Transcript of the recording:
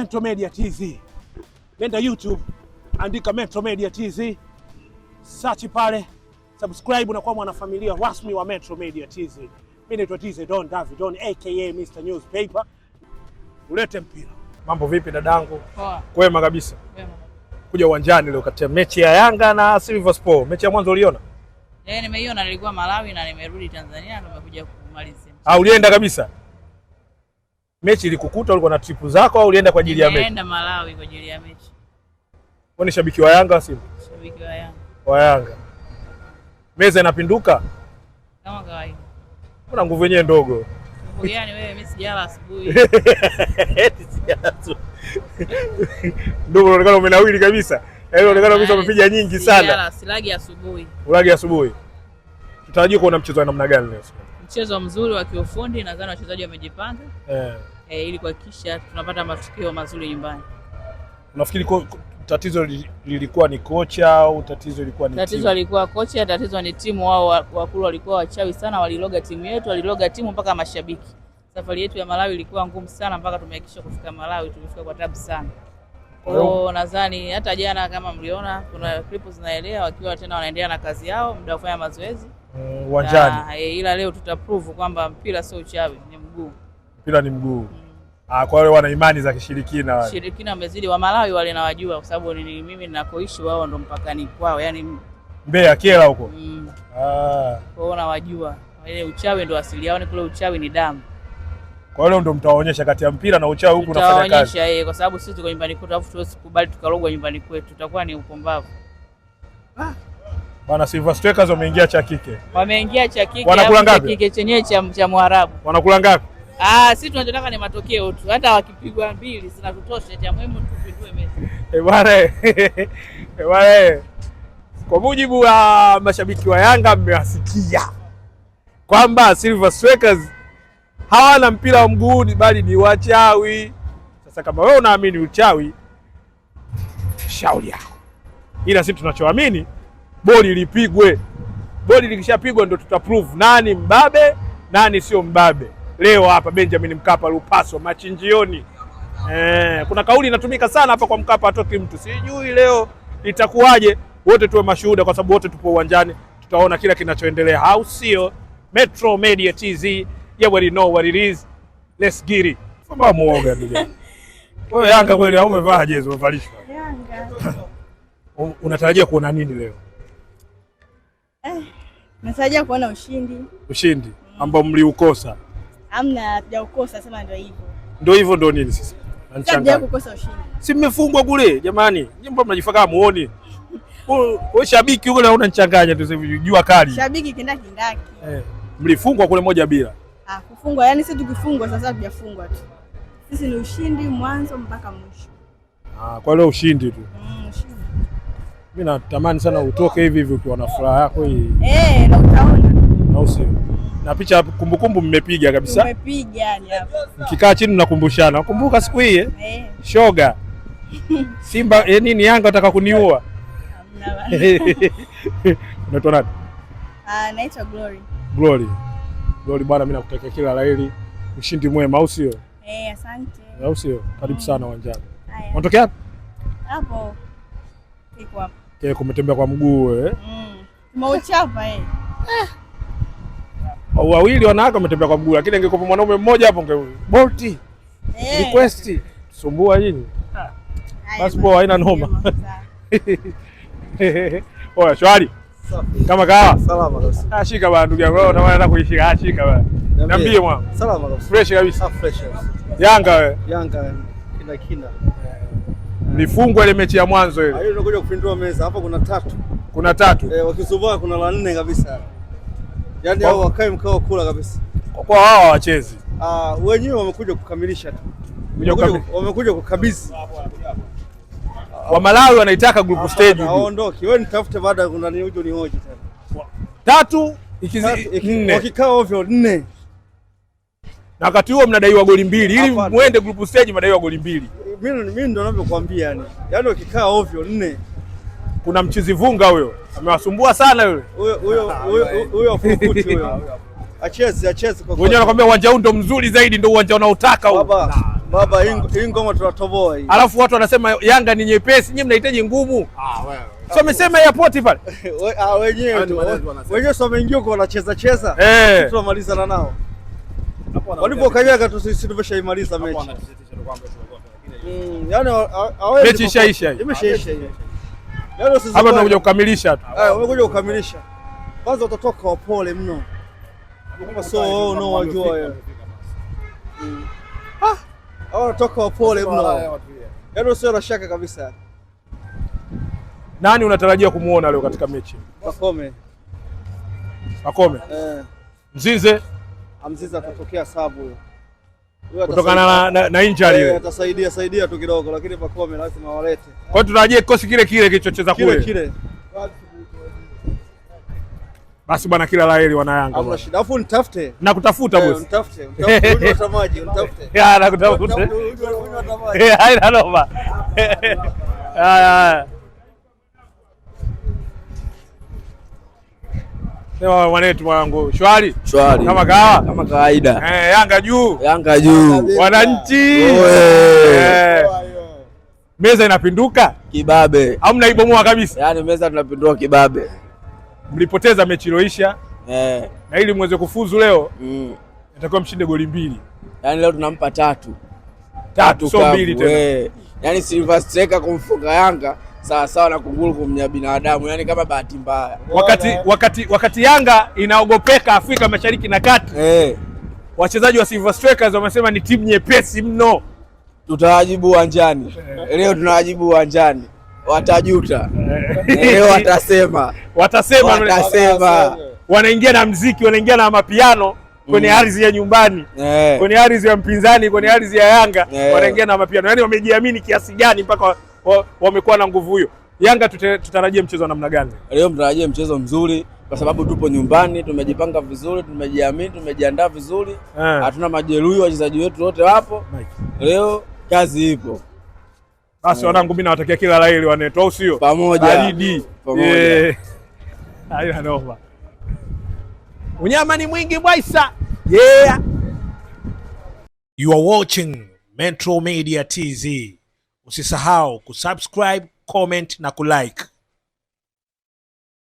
Metro Media TV. nenda YouTube, andika Metro Media TV, search pale, subscribe na kuwa mwanafamilia rasmi wa Metro Media TV. Mimi naitwa TZ Don David Don aka Mr Newspaper. Ulete mpira. Mambo vipi dadangu? Poa. Kwema kabisa. Kwema. Kuja uwanjani leo kati ya mechi ya Yanga na Silver Sport. Mechi ya mwanzo uliona? Eh, nimeiona nilikuwa Malawi na nimerudi Tanzania na nimekuja kumalizia. Ah, ulienda kabisa? mechi ilikukuta, ulikuwa na tripu zako au ulienda kwa ajili ya mechi? Nenda Malawi kwa ajili ya mechi. Wewe ni shabiki wa Yanga au Simba? Shabiki wa Yanga. Wa Yanga. Meza inapinduka? Kama kawaida. Kuna nguvu yenyewe ndogo. Nguvu gani wewe? Mimi sijala asubuhi. Eti sijala tu. Ndio unaonekana umenawili kabisa. Yaani unaonekana kabisa yaani umepiga nyingi sana. Sijala, silagi asubuhi. Ulagi asubuhi. Tutarajie kuona mchezo wa namna gani leo? Mchezo mzuri wa kiufundi, nadhani wachezaji wamejipanga. Eh. Yeah e, ili kuhakikisha tunapata matokeo mazuri nyumbani. Unafikiri tatizo lilikuwa ni kocha au tatizo lilikuwa ni tatizo? Timu alikuwa kocha, tatizo ni timu. Wao wakulu walikuwa wachawi sana, waliloga timu yetu, waliloga timu mpaka mashabiki. Safari yetu ya Malawi ilikuwa ngumu sana, mpaka tumehakikisha kufika Malawi, tumefika kwa tabu sana. Kwa hiyo nadhani hata jana kama mliona kuna clip zinaelea wakiwa tena wanaendelea na kazi yao muda wa kufanya mazoezi mm, uwanjani, eh, ila leo tutaprove kwamba mpira sio uchawi, ni mguu mpira ni mguu. Ah, kwa wale wana imani za kishirikina wale. Shirikina wamezidi wa Malawi wale nawajua kwa sababu ni mimi ninakoishi wao ndo mpakani kwao. Yaani Mbeya Kela huko. Mm. Ah. Kwa hiyo nawajua. Wale uchawi ndo asili yao, ni kule uchawi ni damu. Kwa hiyo ndo mtawaonyesha kati ya mpira na uchawi huko unafanya kazi. Tutaonyesha yeye kwa sababu sisi tuko nyumbani kwetu, alafu tuwezi kukubali tukarogwa nyumbani kwetu. Tutakuwa ni upumbavu. Ah. Bana Silver Strikers wameingia cha kike. Wameingia cha kike. Wanakula ngapi? Kike chenyewe cha Mwarabu. Wanakula ngapi? Ah, sisi tunachotaka ni matokeo tu, hata wakipigwa mbili zinatutosha, cha muhimu tupindue mechi. Eh bwana, eh, bwana, kwa mujibu wa mashabiki wa Yanga mmewasikia kwamba Silver Strikers hawana mpira wa mguuni bali ni wachawi. Sasa kama wewe unaamini uchawi, shauri yako, ila sisi tunachoamini boli lipigwe. Boli likishapigwa ndo tutaprove nani mbabe nani sio mbabe leo hapa Benjamin Mkapa Lupaso machinjioni. Eh, kuna kauli inatumika sana hapa kwa Mkapa atoki mtu, sijui leo itakuwaje. Wote tuwe mashuhuda, kwa sababu wote tupo uwanjani, tutaona kila kinachoendelea, au sio? Metro Media TZ, yeah, we know what it is, let's get it. Mbona muoga ndio wewe? Yanga kweli, au umevaa jezi umevalishwa Yanga? unatarajia kuona nini leo? Eh, natarajia kuona ushindi, ushindi ambao mliukosa Hamna, hatujakukosa sema ndio hivyo. Ndio hivyo ndio nini sisi? sasa? Kukosa ushindi. Si mmefungwa kule jamani, nyinyi mbona mnajifaka muone? Wewe shabiki yule unaona nichanganya tu sasa jua kali. Shabiki kenda kingaki? Eh, mlifungwa kule moja bila. Ah, kufungwa yani sisi tukifungwa sasa hatujafungwa tu. Sisi ni ushindi mwanzo mpaka mwisho. Ah, kwa leo ushindi tu. Mm, ushindi. Mimi natamani sana utoke hivi hivi ukiwa na furaha yako hii. Eh, na utaona. Na usio na picha kumbukumbu mmepiga kabisa, mmepiga yani hapo, mkikaa chini mnakumbushana, kumbuka siku hii eh, eh. shoga Simba eh, nini Yanga wataka kuniua. Unaitwa nani? Ah, naitwa Glory. Glory. Glory bwana, mimi nakutakia kila laheri, ushindi mwema, au sio? Eh, asante. Eh, au sio? Karibu mm. sana uwanjani. Unatokea hapo Hapo. Kiko hapo. Eh, kumetembea kwa mguu eh Mm. Mauchapa eh. Ah wawili wanawake wametembea kwa mguu, lakini ingekuwa mwanaume mmoja hapo ngeu bolti hey. Eh. request sumbua yini basi poa, haina noma. Oya shwari kama kawa salama kabisa. Ah, shika bwana, ndugu yangu wewe, unaona nataka kuishika. Ah, shika bwana, niambie mwa Salama kabisa, fresh kabisa. Ah, fresh Yanga wewe, Yanga kina kina eh. nifungwe ile mechi ya mwanzo ile. Ah, unakuja kupindua meza hapa, kuna tatu, kuna tatu eh, wakisubua kuna la nne kabisa. Yaani hao wakae mkao kula kabisa. Kwa hao wachezi Ah, wenyewe wamekuja kukamilisha tu. Wamekuja kukabidhi. Wa Malawi wanaitaka group stage. Aondoke. Wewe nitafute baada kuna ni hoji tena. Tatu ikizi nne wakikaa ovyo nne. Na wakati huo mnadaiwa goli mbili ili muende group stage mnadaiwa goli mbili. Mimi mimi ndo ninavyokuambia yani. Yaani wakikaa ovyo nne kuna mchizi vunga huyo amewasumbua sana yule huyo wenyewe, anakwambia uwanja huu ndo mzuri zaidi, ndo uwanja unaotaka huu baba. baba Hii ngoma tunatoboa hii. Alafu watu wanasema Yanga ni nyepesi, nyinyi mnahitaji ngumu. ah wewe So amesema airport pale ah, wenyewe yaani tu wenyewe, sio wameingia huko wanacheza cheza, eh. na nao walipokanyaga tu, sisi tumeshaimaliza mechi, mm, yaani mechi ishaisha, imeshaisha. Ah, Yaani hapa tunakuja kukamilisha tu. Eh, Umekuja kukamilisha, kwanza utatoka wapole mno, so wewe unaojua wewe Ah, ah unatoka wapole mno, yaani usio na shaka kabisa. Nani unatarajia kumuona leo katika mechi? Pakome. Pakome. Eh. Mzize. Ah, Mzize atatokea sabu kutokana na, na, na injury ile eh, atasaidia saidia tu kidogo, lakini Pacome lazima walete. Kwa hiyo tutarajie kikosi kile kile kilichocheza kule kile. Basi bwana, kila laheri wana Yanga bwana. afu nitafute na kutafuta eh, bosi, nitafute nitafute maji, nitafute ya na kutafuta, haina noma. Wanetu wangu shwari shwari, kama kawa kama kawaida eh. Yanga juu, Yanga juu, wananchi eh. meza inapinduka kibabe, au mnaibomoa kabisa? Yani meza tunapindua kibabe. Mlipoteza mechi iliyoisha eh, na ili mweze kufuzu leo mm, natakiwa mshinde goli mbili. Yani leo tunampa tatu tatu, sio mbili tena. Eh. Yani Silver Striker kumfunga Yanga sawa sawa na kunguru kumnya binadamu, yani kama bahati mbaya. Wakati wakati wakati Yanga inaogopeka Afrika Mashariki na Kati hey. Eh. Wachezaji wa Silver Strikers wamesema ni timu nyepesi mno, tutawajibu uwanjani eh. leo, tunawajibu uwanjani watajuta eh. leo, watasema watasema watasema, wanaingia na mziki, wanaingia na mapiano kwenye mm. ardhi ya nyumbani yeah. Kwenye ardhi ya mpinzani, kwenye ardhi ya Yanga yeah. Wanaingia na mapiano, yani wamejiamini kiasi gani mpaka wamekuwa na nguvu hiyo. Yanga tutarajie mchezo wa namna gani leo? Mtarajie mchezo mzuri kwa sababu tupo nyumbani, tumejipanga vizuri, tumejiamini, tumejiandaa vizuri, eh. hatuna majeruhi, wachezaji wetu wote wapo leo, kazi ipo. Basi eh. wanangu, mimi nawatakia kila la heri wanetu, au sio? Pamoja pamoja. Hayo anova unyama ni mwingi bwaisa. Yeah, you are watching Metro Media TV. Usisahau kusubscribe, comment na kulike.